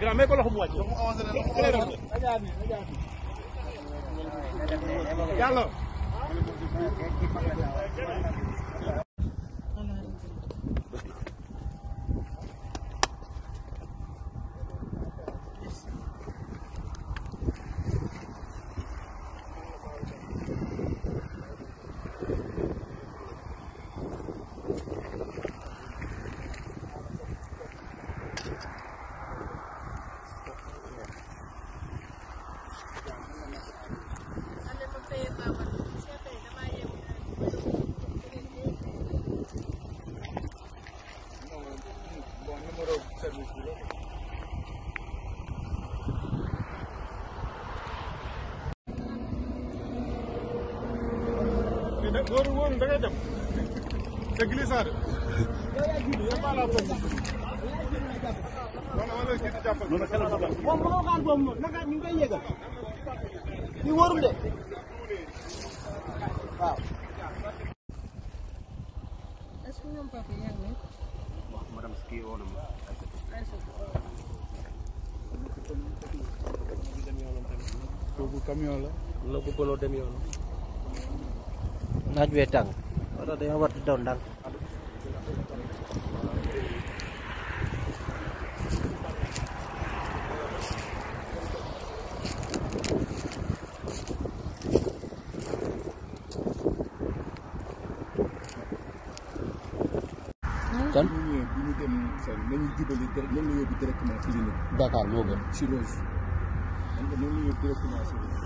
grand mais ko loxo mu wàcc. yàlla. জিনিসগুলো góor wóor da ngay dem te glissade wala wala ci jàppal non xel bu baax moom mo xaan boobu noonu naka ñu ngi koy yégal ci wóorul de waaw est-ce que ñoom papa yaa ngi madame ski woon na ma kooku camion la. am na ku gënoo dem yoon. di doon daal. kan bu ñu dem seen nañu moo gën. Chirurgie. donc noonu la ñu